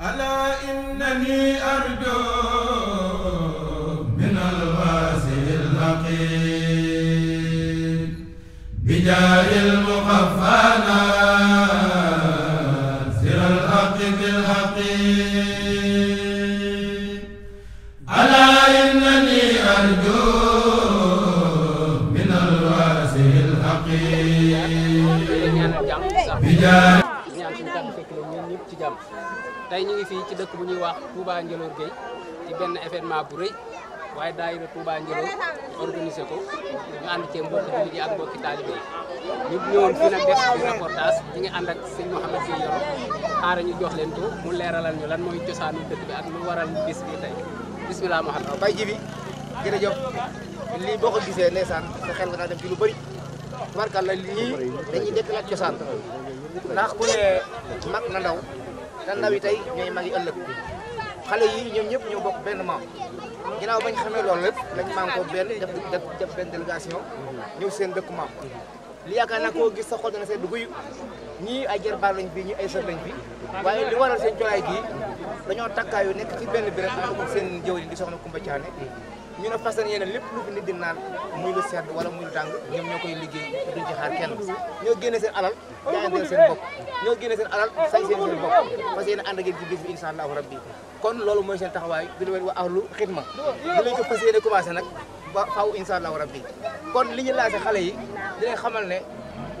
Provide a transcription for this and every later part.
ألا إنني أرجو من الغازي اللقيم بجاه المخفانا سر الحق في الحقيق ألا إنني أرجو من الغازي اللقيم بجاه tey ñu ngi fii ci dëkk bu ñuy wax Touba Ndiolor Gueye ci benn événement bu rëy waaye daayira Touba Ndiolor organisé ko ñu ànd cee mbokki jullit yi ak mbokki taalibe yi ñu ñëwoon fii nag def ci reportage ñu ngi ànd ak sëñ Mouhamed Gueye Yoro xaara ñu jox leen mu leeralal ñu lan mooy cosaanu dëkk bi ak lu waral bis bi tey bisimilah Mouhamed. waaw bay ji bi jërëjëf lii boo ko gisee ndeysaan sa xel nga dem ci lu bëri barkal la lii dañuy dëkk la cosaan ndax ku ne mag na ndaw. na ndaw yi ñooy magi ëllëg xale yi ñoom ñëpp ñoo bokk benn maam ginnaaw bañ xamee loolu lépp lañ maam ko benn def def benn mhm. ñëw seen dëkk maam li yaakaar naa koo gis sa xol dana sedd ñii ay jarbaar lañ bi ñii ay sër lañ bi waaye li waral seen colaay nekk ci benn bi rek ak seen jëwriñ di soxna Kumba Thiané ñu ne lépp lu fi nit di naan wala muy lu ñoom ñoo koy liggéey duñ ci xaar kenn ñoo génne seen alal jaayanteel seen bopp ñoo génne seen alal sañ seen seen bopp parce que yéen ànd ak yéen ci bis bi incha allahu rabbi kon loolu mooy seen taxawaay di leen wa ahlu xidma di lañ ko fas commencé nag ba faaw incha allahu rabbi kon li ñu laajte xamal ne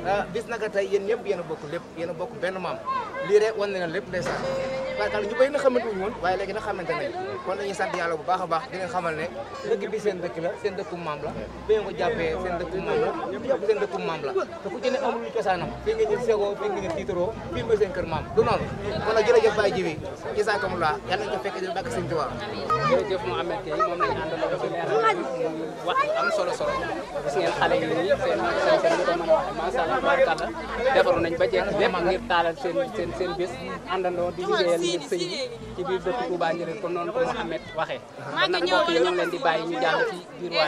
Ah, bis naka tey yéen ñëpp yéen a bokk lépp yéen a bokk benn maam lii rek wan na leen lépp ndeysaan barkal ñu bëri na xamante woon waaye léegi nag xamante nañ kon dañuy sant yàlla bu baax baax di leen xamal ne dëkk bi seen dëkk la seen dëkku maam la bu ngeen ko jàppee seen dëkku maam la ñëpp seen dëkku maam la te ku ci ne amul cosaanam fii nga jël segoo fii nga jël tiitaroo fii seen kër maam du noonu kon nag jërëjëf Baye Jibi isaakamulaa yàlla nañ ko fekk di bàkk seen tubaab jërëjëf mu amee tey moom lañ àndaloo ci wax am solo solo gis ngeen yi seen seen ko defaru nañ ba lépp ngir seen seen seen di biir sëñ bi ci biir dëkk Touba Ndiéréer comme noonu ko Mouhamed waxee. maa ngi ñëw wala leen di bàyyi ñu jàll ci biir waa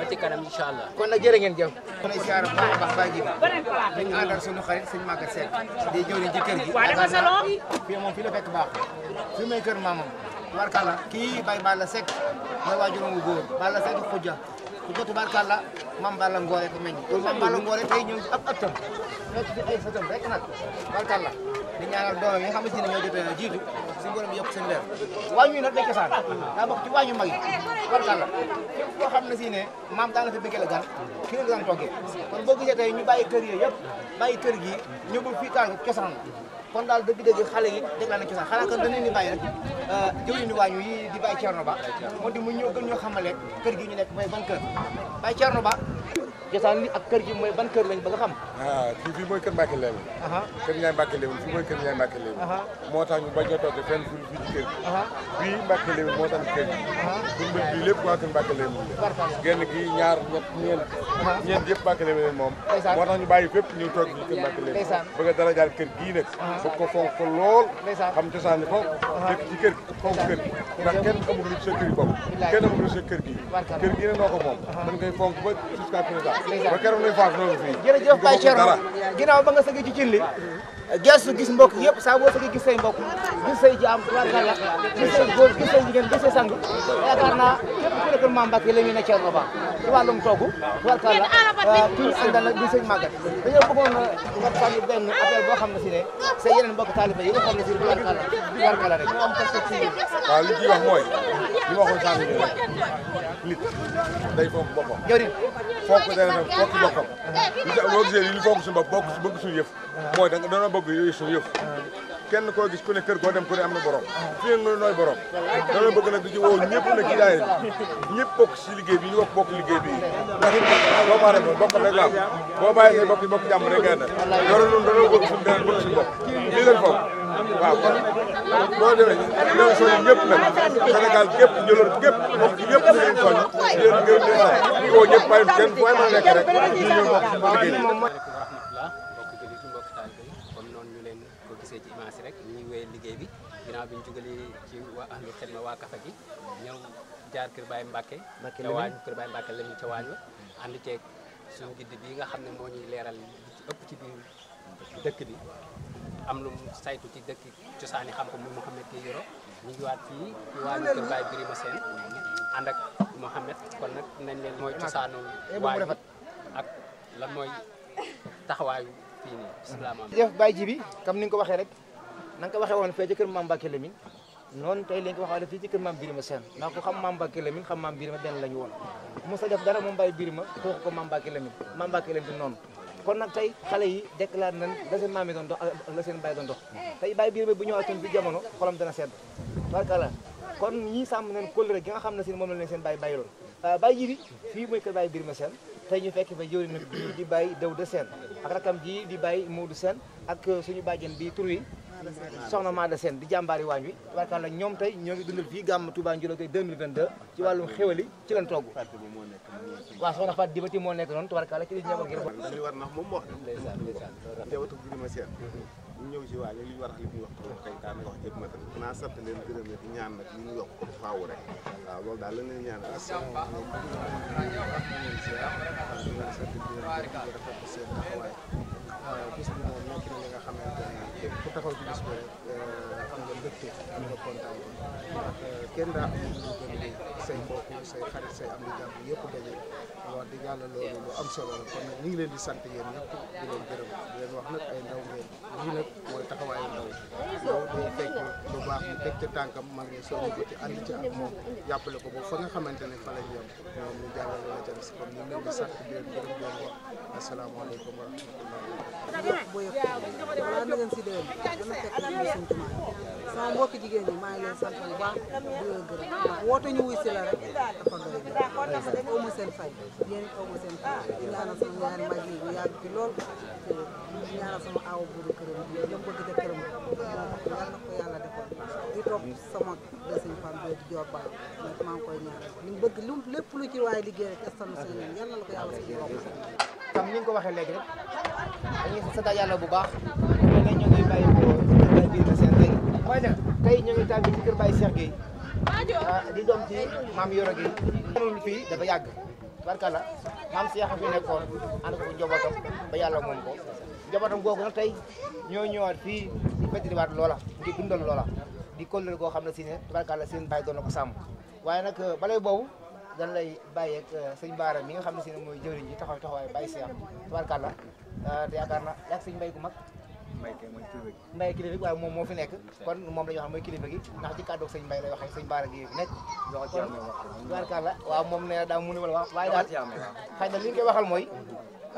ba ci kanam incha allah. kon nag jërë ngeen jëf. kon ay siyaara bu baax a baax baa ngi dañu àndal suñu xarit sëñ Maga Seck di jëw ci kër gi. waaw dafa salon fii moom fii la fekk baax fi may kër maamam tubaarkàlla kii Baye Balla Seck mooy waajuram wu góor Balla Seck xujja ku ko tubaarkàlla mam Balla Ngoore ko meññ mam Balla Ngoore tey ñëw ab atam nekk ci ay fotom rek nag tubaarkàlla di ñaanal doomam yi nga xamante ne ñoo jot a jiitu suñu borom yokk seen leer wàññi yi nag day cosaan ah. daa bokk ci wàññi mag yi warkal la xam ne si ne maam daan na fi bëggee la gan ki ne daan toggee kon boo gisee tey ñu bàyyi kër yi yëpp bàyyi kër gi ñu bu fii tànk cosaan kon daal dëgg-dëgg xale yi dégg naa ne cosaan xanaa kon dañu ni bàyyi rek euh, jëwri ni waañu yi di bàyyi Thierno Ba moo di mu ñëw gën ñoo xamale kër gi ñu nekk mooy ban kër bàyyi Thierno Ba jotaan li ak kër gi mooy ban kër lañ ba nga xam ah fii fii mooy kër Mbacke Léone kër Ndiaye Mbacke Léone fii mooy kër Ndiaye Mbacke Léone moo tax ñu bañ a toog fenn fii fii ci kër gi fii Mbacke Léone moo tax kër gi suñu mbir bii lépp waa kër Mbacke Léone genn gi ñaar ñett ñeent ñeent yëpp Mbacke Léone moom moo tax ñu bàyyi fépp ñu toog fii kër a dara jaal kër gii nag bëgg ko fonk ko ko dëkk ci kër gi fonk kër gi ndax kenn amul lu ne noo moom dañ koy fonk ba jusqu'à présent ba keroog ñuy faas noonu fii. jërëjëf Baye Thierno ginnaaw ba nga sëgg ci cin li gestu gis mbokk yëpp saa boo sëggee gis say mbokk gis say jaam tubaarkàlla gis say góor gis say jigéen gis say sang yaakaar naa képp ku nekk Mame Mbacke la muy ne Thierno Ba ci wàllum togg tubaarkàlla ki ñu àndal di sëñ màggat dañoo bëggoon nga sànni benn appel boo xam ne si ne say yeneen mbokk taalibe yi nga xam ne si li ciy wax mooy li ma waxoon sànni rek nit day foog boppam jëriñ bëgg yooyu suuf yëpp kenn koo gis ku ne kër goo dem ku ne am na borom fi nga nooy borom danoo bëgg nag di ci woo ñëpp nag ci daayira bi ñëpp bokk si liggéey bi ñu wax bokk liggéey bi ndax boo baaxee moom bokk rek la am boo bàyyi say bokk yi bokk jàmm rek nga def loolu noonu danoo bëgg suñu beneen bëgg suñu bopp lii leen foog waaw kon boo demee ñoo soñ ñëpp nag Sénégal gépp njëloon gépp bokk ñëpp ñu leen soñ leen ngërëm leen sax koo ñëpp bàyyi kenn fooy mën a nekk rek ñu ñëw bokk suñu liggéey bi ginnaaw bi ñu jugalee ci waa ahlu xidma waa kafa gi ñëw jaar kër Baye Mbacke ca la ñu ca waañ wa ànd ceeg suñu gidd bi nga xam ne moo ñuy leeral ci ëpp ci biir dëkk bi am lu saytu ci dëkk cosaani xam ko muy Mouhamed Gueye Yoro ñu ngi waat fii ci waañu kër Baye Birima Sène ànd ak Mouhamed kon nag nañ leen mooy cosaanu eh, waañ ak lan mooy taxawaayu fii nii bisimilah jëf Baye ji ni nga ko rek na nga ko waxee woon fee ci kër maam Mbacke Lamine noonu tey lañ ko waxaale fii ci kër maam Birima Sène ndax xam maam Mbacke xam maam Birima benn a def dara moom Baye Birima kooku ko maam Mbacke Lamine maam Mbacke Lamine noonu kon nag tey xale yi déclaré nañ la seen maam yi doon dox la seen baay doon dox tey Baye Birima bu ñëwaatoon bi jamono xolam dana sedd barkala kon ñii sàmm nañ kóllëre gi nga xam ne seen moom la leen seen bay bàyyi loon euh, Baye Jibi fii mooy kër Baye Birima Sène tey ñu fekk fa jëwri nag di bay Dawda Sène ak rakam ji di Baye Modou Sène ak suñu bàjjen bi tur soxna Maada Sène di jàmbaari waañ wi warkaa la ñoom tey ñoo ngi dundal fii gàmm Touba Njuloo tey 2022 ci wàllum xéwali ci lañ togg waaw soxna Fatou Dibati moo nekk noonu tubarkaale ci li ñu ñëwoon ngir war nax moom moo jawatu bi ma seen ñu ñëw ci waañ li ñu war li ñuy wax kay taa nga jëpp ma tam naa sant leen gërëm leen ñaan nag ñu yokk ko faaw képp ku taxaw ci bis bi am nga mbégte am nga kontaan kenn daa am lu gën mbokk say xarit say am di jàmm yëpp daje wax di yàlla loolu lu am solo kon ngi leen di sant yéen ñëpp di leen gërëm di leen wax nag ay ndaw ngeen lii nag mooy taxawaayu ndaw ndaw day fekk lu baax mu teg ca tànkam mag ñi soo ñu ko ci ànd ci ak ko ba fa nga xamante ne fa la ñu yem ñoom ñu jàllale la ca des kon ñu ngi leen di sant di leen gërëm di leen wax asalaamaaleykum wa jigéen ñi maa ngi sant bu baax di leen gërëm woote ñu wuy si la rek kon nag dañu amoo seen fay yéen it amoo seen fay di ñaanal sama ñaari mag yi yàgg ci lool di ñaanal sama awu buuru këram bi ñoom ko dëgg ko yàlla defal di topp sama desin fan bi joor baax moom maa koy ñaanal li bëgg lu lépp lu ci waaye liggéey rek askan wi seen yàlla na ko yàlla suñu borom. tam ni nga ko waxee léegi rek dañuy sant yàlla bu baax ñu ngi ñu ngi bàyyi ko kër Ah, di doom ci maam Yoro gi moom fii dafa yàgg barkala maam Seex fi nekkoon ànd ko njabootam ba yàlla moom ko njabootam googu nag tey ñoo ñëwaat fii di fàttaliwaat loola di dundal loola di kóllëre goo xam ne si ne barkala seen bàyyi doon na ko sàmm waaye nag balay boobu dan lay bàyyeeg eh, sëñ Baara mi nga xam ne si ne mooy jëwriñ ji taxaw taxawaay bàyyi Seex barkala ah, te yaakaar na yaag sëñ mbay gu mag mbay kilifa gi waaye moom moo fi nekk kon moom la ñu xam mooy kilifa gi ndax ci kàddu sëñ mbay la wax ak sëñ baara gi fi nekk barkaal la waaw moom nee na daa wax waaye daal xëy na li ñu koy waxal mooy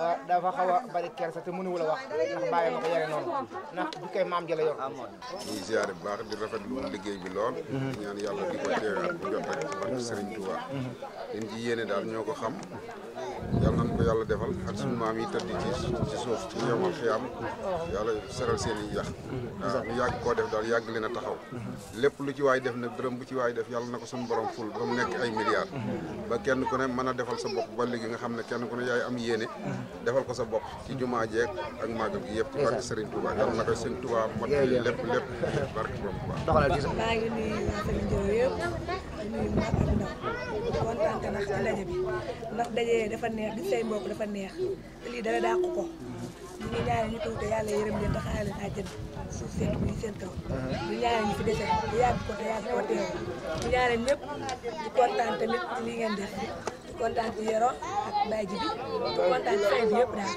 ah, dafa xaw a bari kersa te mënu wala wax ndax yare noonu ndax du maam jëla yor ñuy ziare bu baax di rafetlu liggéey bi lool mhm. ñaan yàlla di ko teewaat bu jot rek ci barke sëriñ Touba mhm. leen daal ñoo xam yàlla nañ ko yàlla defal ak suñu maam yi tëdd ci ci suuf ci yomal xiyaam yàlla seral seen i yax mhm. waaw ñu yàgg koo def daal yàgg leen a taxaw mhm. lépp lu ci waay def na dërëm bu ci waay def yàlla na ko suñu borom ful ba nekk ay milliards mhm. ba kenn ko ne mën a defal sa bopp ba léegi nga xam ne kenn ku ne yaay am yéene defal ko sa bopp ci jumaa jeeg ak màggal gi yëpp ci barke Serigne Touba yàlla na ko lépp lépp barke borom ak ñoom mag ak bi ndax daje dafa neex di say mbokk dafa neex lii dara dàqu ko ñu ñu toog yàlla yërëm leen te xaale naa jënd suuf seen muy seen kaw ñu ñaanal ñu fi dese ñu yàgg ko te yàgg ko teew ñu ñaanal ñëpp di kontaan ngeen def di kontaan ci Yoro ak Baye Jibi di kontaan ci bi yëpp daal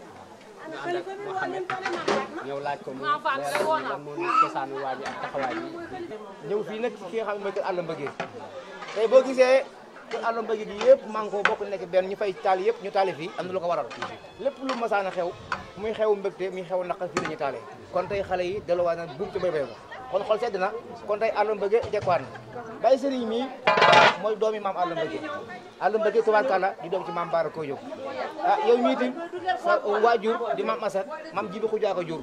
ñëw laaj ko mu leeral lan moo nekk cosaanu waa ji ak taxawaay bi ñëw fii nag ki nga xam ne kër àll mbëgge tey boo gisee kër àll mbëgge gi yëpp mànkoo bokk nekk benn ñu fay taal yëpp ñu taale fii am na lu ko waral lépp lu masaana xew muy xew mbëgte muy xew naqar fii la ñu taale kon tey xale yi delluwaat na buum ci béy béy ko kon xol sedd na kon tey àll mbëgge jekkwaat na Baye Serigne mii mooy doomi maam àll mbëgge àll mbëgge tubaarkàlla di doom ci maam Baara koo jóg ah yow mii tim di maam Assane maam Jibi Xuja jur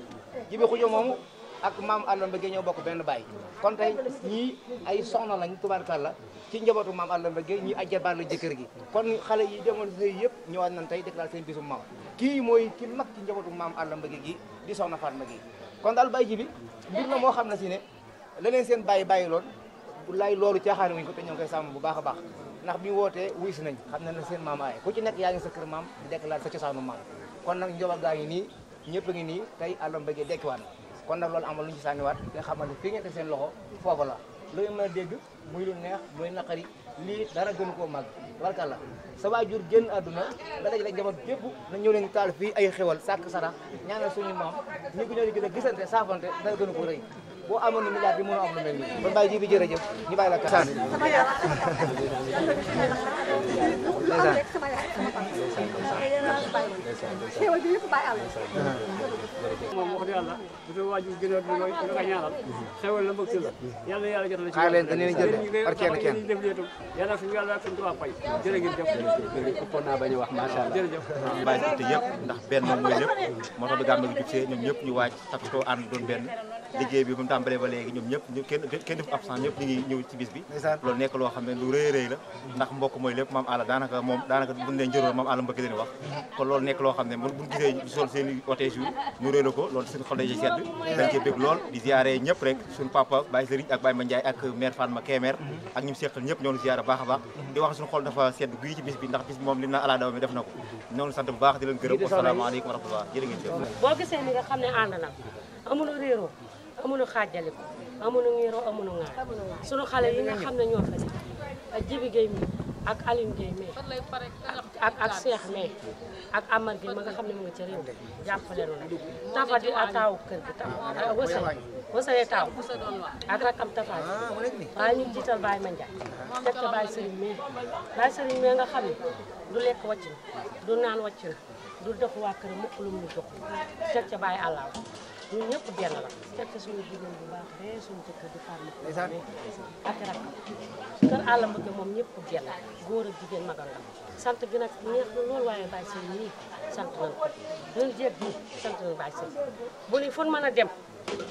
Jibi Xuja moomu ak mam allah bëggee ñoo bokk benn bay kon tay ñi ay soxna lañ tubaarkàlla ci njabotu mam allah anu, bëggee ñi ay jabar la jëkër gi kon xalé yi demoon sëy yëpp ñëwaat nañ tay déclarer seen bisum mam ki moy ki mak ci njabotu mam allah bëggee gi di soxna Fatma gi kon dal bay ji bi mbir la mo xamna ci ne leneen leen seen bay bàyyi loon lay loolu caaxaane wuñ ko te ñoo koy sam bu baaxa baax ndax bi wootee wuy si nañ xamna ne na seen mam ay ku ci nek yaa ngi sa kër mam di déclaré sa cosaanu mam kon nak njoba gaa ni ñepp ngi ni tay allah anu, bëggee dekkiwaat na kon nag loolu amal lu ñu si sànniwaat nga xamal ne fi ngeen def seen loxo foofu la lu ngeen mën a dégg muy lu neex muy naqari lii dara gënu koo màgg la sa waajur génn àdduna da daj la jamono bépp na ñëw leen taal fii ay xewal sàkk sarax ñaanal suñu maam ñi ko ñëw di gën gisante saafante dara gënu ko rëy boo amoon na milliard bi mënoo am lu mel nii kon bàyyi ji bi jërëjëf ñu bàyyi la ka sama yaay xéwal bi yëpp bàyyi àll moom wax dëgg yàlla bu doon waajur gën a mooy da nga ñaanal xéwal la mbëgg la yàlla yàlla jot la ci leen dañ leen jël par kenn kenn def leetu yàlla fi yàlla fi tuba fay jërë ngeen jëf ëppoon naa bañ a wax macha allah jërëjëf bàyyi te yëpp ndax benn mooy lépp moo tax du gàmmu gi jub see ñoom ñëpp ñu waaj takkatoo ànd doon benn liggéey bi ba mu tàmbalee ba léegi ñoom ñëpp kenn def absent ñëpp ñëw ci bis bi nekk loo xam ne mbokk mooy lépp maam àlla daanaka a baax di wax suñu mi def na ko ñoo ngi bu baax di leen gërëm boo gisee ni xam ne ànd na amuñu xaajale ko amuñu ngiro amuñu ŋaar sunu xale yi nga xam ne ñoo fa ne ak Jibi Gueye mi ak Aline Gueye mi ak ak Cheikh mi ak Amar Gueye ma nga xam ne mu ngi ca réew jàppale noonu Tafa di a taaw kër gi taw ah, ah, wasa wasale taaw ak ak am Tafa ah, ñu jiital Baye Mandiaye teg ca Baye Serigne mi Baye Serigne nga xam ne du lekk wàcc na du naan wacc na du dox waa kër mukk lu mu jox teg ca Baye Alaaw ñun ñëpp benn la fekk suñu jigéen bu baax rek suñu jëkkër di faam ak rakkam kër àll mbëgg moom ñëpp benn góor ak jigéen magal la sant gi nag neex na loolu waaye bàyyi seen nii sant nañ ko ñun jéeg bi sant nañ bàyyi seen bu ni fu mën a dem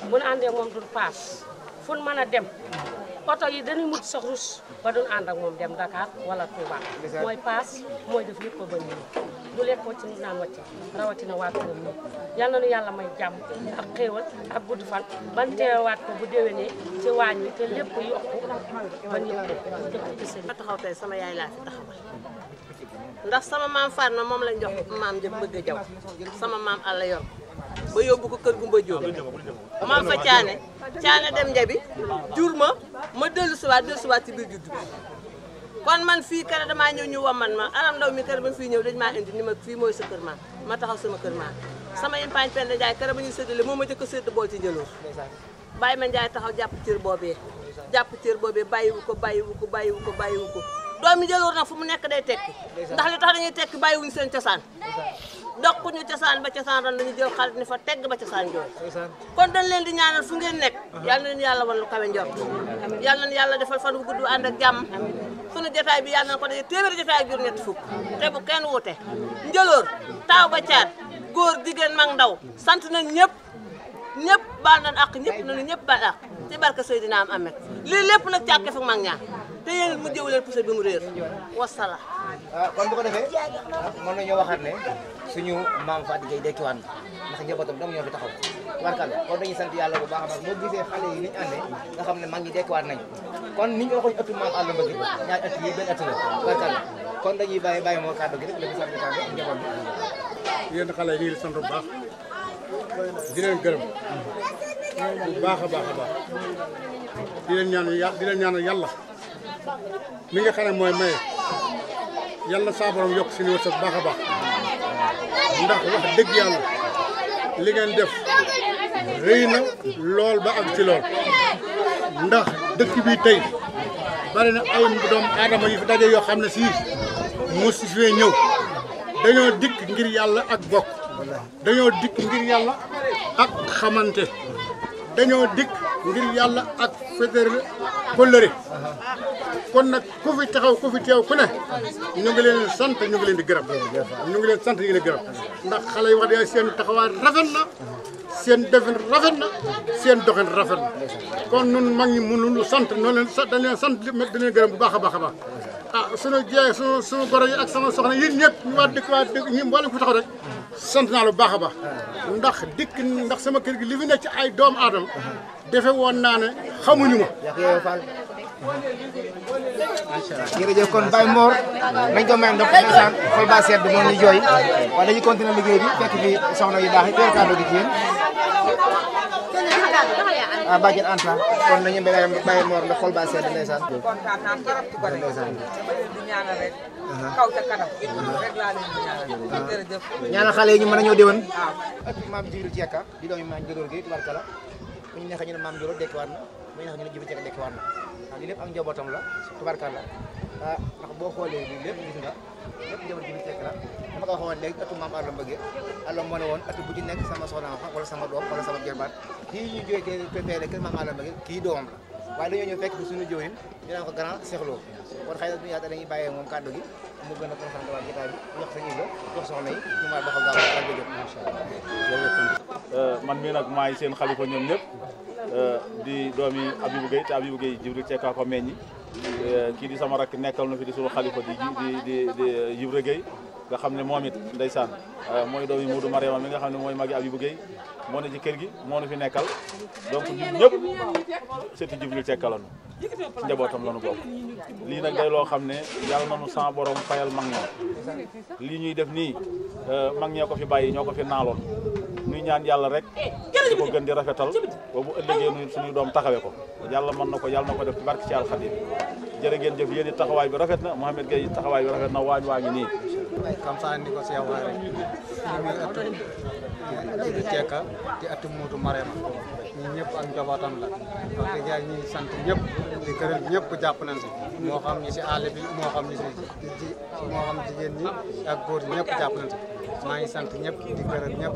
bu nu àndee moom dul paas fu mën a dem oto yi dañuy mujj sax rus ba duñ ànd ak moom dem Dakar wala Touba mooy paas mooy def lépp ba ñu du lekk wàcc nit naan wàcc rawatina waa yàlla may jàmm ak xéewal ak gudd fan ban teewaat ko bu déwénee ci waañ wi te lépp yokku ba ñëpp dëkk ci sëñ ma taxaw tey sama yaay laa fi taxawal ndax sama maam Fatma moom lañ jox maam jëm bëgg a jaw sama maam àlla yor ba yóbbu ko kër Gumba Jóob ma fa caane caane dem njabi jur ma ma dellu siwaat dellu siwaat ci biir juddu kon man fii kër damaa ñëw ñu man ma alam ndaw mi kër ba ñëw dañ maa indi ni ma fii mooy sa kër ma taxaw sama kër ma sama impaañ Penda Njaay kër ba ñuy séddale moo ma jëkk sédd bool ci njëloor bàyyi ma Njaay taxaw jàpp cër boobee jàpp cër boobee bàyyiwu ko bàyyiwu ko bàyyiwu ko bàyyiwu ko doomi njëloor na fu mu nekk day tekki ndax li tax dañuy tekki bàyyiwuñu seen cosaan ñu cosaan ba cosaan ran lañu jël xarit ni fa tegg ba cosaan jooy kon dañ leen di ñaanal fu ngeen nekk yal na leen yàlla wan lu kawe njort yal na yàlla defal fan wu gudd ànd ak jàmm sunu jotaay bi yal na ko daje téeméeri jotaay jur ñetti fukk te bu kenn wuute njëloor taaw ba caat góor jigéen mag ndaw sant nañ ñëpp ñëpp baal nañ ak ñëpp nañu ñëpp baal ak ci barke Seydina am amet lii lépp nag càkke fa ñaa te yéen mu jëwu leen pousse bi mu réer wasala. ah kon bu ko defee mën nañoo waxaat ne suñu maam Fatou Gueye dekkiwaan ndax njabootam dama ñoo fi taxaw warkal kon dañuy sant yàlla bu baax a baax boo gisee xale yi ni ñu àndee nga xam ne mag ñi dekkiwaat nañu kon ni ñu waxoon ëttu maam àll mbëgg ñaari ëtt yi benn ëtt la warkal kon dañuy bàyyi bàyyi moo kàddu gi rek dañuy sant kàddu njaboot bi. yéen xale yi ñu ngi sant bu baax di leen gërëm bu baax a baax a baax di leen ñaan di leen ñaan yàlla mi nga xam ne mooy maye yàlla saa borom yokk suñu wërsëg baax a baax ndax wax dëgg yàlla li ngeen def rëy na lool ba ak ci lool ndax dëkk bi tey bari na ay doomu aadama yu fi daje yoo xam ne sii mosu fee ñëw dañoo dikk ngir yàlla ak bokk dañoo dikk ngir yàlla ak xamante dañoo dikk ngir yàlla ak fédéral kóllëre kon nag ku fi taxaw ku fi teew ku ne ñu ngi leen sant ñu ngi leen di gërëm ñu ngi leen sant ñu ngi leen di gërëm ndax xale yi wax dëgg seen taxawaay rafet na seen defin rafet na seen doxin rafet na kon nun mag ñi mënul sant noonu leen sant dañ leen sant dañ leen gërëm bu baax a baax a baax ah sunu jeex sunu sunu goro yi ak sama soxna yéen ñëpp ñu waa dëkk waa dëkk ñi mboolem ku taxaw rek sant naa lu baax a baax ndax dikk ndax sama kër gi li fi nekk ci ay doom aadama defe woon naa ne xamuñu ma. macha allah jërëjëf kon Baye Mor nañ ko mayam ndox ndeysaan xol ba sedd moom ñu jooy waaye dañuy continuer liggéey bi fekk fi soxna yu baax yi teer kàddu gi ci ah Badiane Anta kon nañu mbéy mi bàyyi Mor ndax xol ba sedd ndeysaan. kontaan naa trop uh-huh. uh-huh. uh-huh. xale yi ñu mën a ñëw déwén. waaw ak maam Jibril Diakha di doomi maam Jodor gi tubarkala bu ñu neexee ñu ne maam na bu ñu neexee ñu ne Jibril Diakha na waaw lépp ak njabootam la tubarkala ah ndax boo xoolee nii lépp gis nga lépp jabar ji fekk la dama ko waxoon léegi ëttu maam àllam bëggee àllam moo ne woon ëttu bu ci nekk sama soxna fa wala sama doom wala sama jarbaat kii ñu jógee tey préféré kër maam àllam bëggee kii doomam la waaye dañoo ñëw fekk bi suñu jëwriñ ñu naan ko grand seexloo kon xëy na duñu yaata dañuy bàyyee moom kàddu gi mu gën a concentré waa bi jox sa ñibla jox soxna yi ñu ma a jóg euh, man mii nag maay seen xalifa ñoom ñëpp euh, di doomi yi Gueye te Abibou Gueye Jibril Ceeka ko Euh, kii di sama rakk nekkal na fi di suñu xalifa di di di di euh, Ibra nga xam ne moom it ndeysaan euh, mooy doomi Modou Mariama mi nga xam ne mooy magi Abibou Gueye moo ne ci kër gi moo nu fi nekkal donc ñun ñëpp surtout Jibril tekkaloon ci njabootam la nu lii nag day loo xam ne yàlla nanu sans borom fayal mag ñoo lii ñuy def nii mag ñee ko fi bàyyi ñoo ko fi naaloon ñaan yàlla rek eh, di ko gën di rafetal ba bu ëllëgee nu suñuy doom taxawee ko yàlla mën na ko yàlla na ko def ci barke ci alxadim jërë ngeen jëf yéen it taxawaay bi rafet na Mouhamed Gueye taxawaay bi rafet na waañ waa ngi nii comme ça ni ko Cheikh waxee rek ñi muy ëttu Cekka di ëttu Marema ñi ñëpp ak njabootam la wax dëgg yàlla sant ñëpp di gërëm ñëpp jàpp nañ si moo xam ñi si àll bi moo xam ñi si ji moo xam jigéen ñi ak góor ñëpp jàpp nañ si maa ngi sant ñëpp di gërëm ñëpp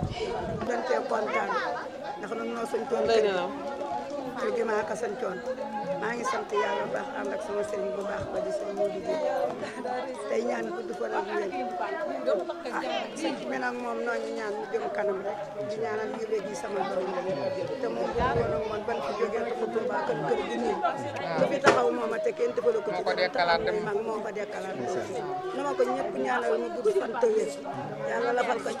dañ cee kontaan ndax ñun ñoo sañ toon kër gi maa ko sañ toon maa ngi sant yàlla baax sama sëriñ bu ba di sëriñ ñaan ko du di wér ah ak moom noo ñu ñaan ñu jëm kanam rek di ñaanal sama doom te moom bu woon ak man ban fi jógee dafa Touba kan kër gi nii ku fi taxaw moom a te kenn defal ko ci taxaw may mag moo ko dekkalaat na ma ko ñëpp ñaanal mu gudd fan te wér yàlla lafal ko ko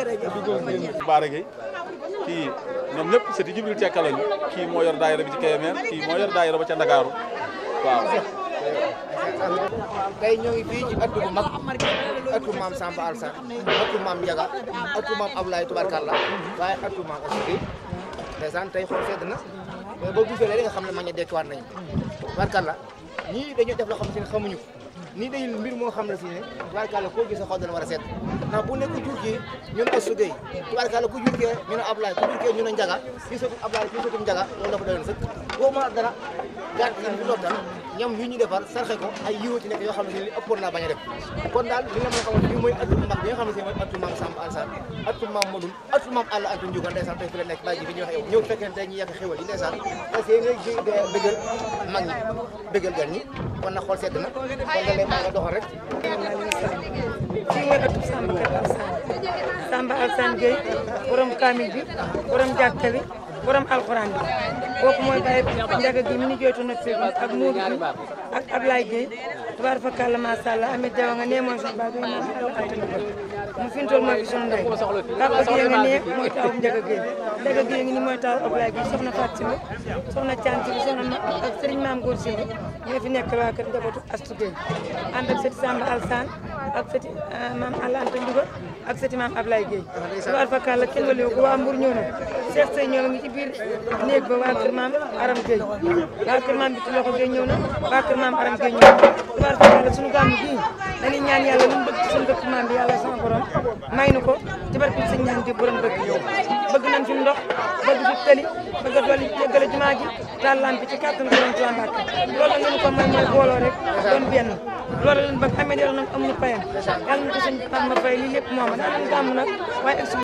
ak ak ko Serigne kii ñoom ñëpp sëti Jibril Cekkal lañu kii moo yor daayira bi ci Kébémer kii moo yor daayira ba ca Ndakaaru waaw tey ñoo ngi fii ci ëtt bu mag ëtt maam Samba Alsan ëtt maam Njaga ëtt maam Ablaye Tubarkalla waaye ëtt maam aussi ndeysaan tey xool sedd na mais xam ne mag ñi dekkiwaat nañu Tubarkalla ñii dañoo def loo xam ne xamuñu nii day mbir moo xam ne fii ne tubaarkàlla koo gis sa xol dana war a seet ndax bu nekk jur gi ñu ne Astou Gueye tubaarkàlla ku jur gee ñu ne Ablaye ku jur gee ñu ne Njaga kii sëtu Ablaye kii sëtu Njaga loolu a doyoon sëkk boo ma dara gàtt na lu ñam yu ñu defar sarxe ko ay yiw ci nekk yoo xam ne li ëppoon naa bañ a def kon daal li nga mën a xamal li mooy atum mag bi nga xam ne si mooy atum maam Samb Alassane atum maam Modou atum maam Alla atum Ndiouga ndeysaan tey fi la nekk bàyyi bi ñuy wax yow ñëw fekkee tey ñu yàgg xewal yi ndeysaan mag ñi bëggal gan kon na xool sedd na kon nga lay maa nga doxal rek fii mooy atum Samba Alassane borom alxuraan bi kooku mooy Baye ni jooytu na fi ak Mourou bi ak Ablaye Gueye tubaar fa kàlla macha allah Ameth Diaw nga nee mooy sa baay doy naa ñu fintal mooy sunu ndey Papa Gueye nga ne mooy taw Ndiaga Gueye Ndiaga Gueye ngi ni mooy taw Abdoulaye Gueye soxna Fatou Seye soxna Thiam Seye soxna ak Serigne Mame Gor Seye ñoo fi nekk waa kër njabootu Astou Gueye ànd ak sëti Samba Alsane ak sëti euh, maam Alante Ndiouga ak sëti maam Abdoulaye Gueye waa Alpha Kalla kenn wala yow waa Mbour ñoo na Cheikh Seye ñoo ngi ci biir néeg ba waa kër maam Aram Gueye waa kër maam Bitu Loxo Gueye ñëw na waa kër maam Aram Gueye ñëw na waa Alpha Kalla suñu gàmm gii dañuy ñaan yàlla lu mu bëgg ci suñu dëkk maam bi yàlla sama borom may nu ko ci barke sëñ Ndiaye borom dëkk yow bëgg nañ fi ndox bëgg fi tëli bëgg a dolli yëgale jumaa ji daal lampi ci kàttanu borom Tuubaa Mbàkke loolu la ngeen ko may mooy booloo rek doon benn loolu lañ bëgg amee delloo nag amuñu payam yàlla na ko sëñ Bamba fay lii lépp mooma daa nañ ko am nag waaye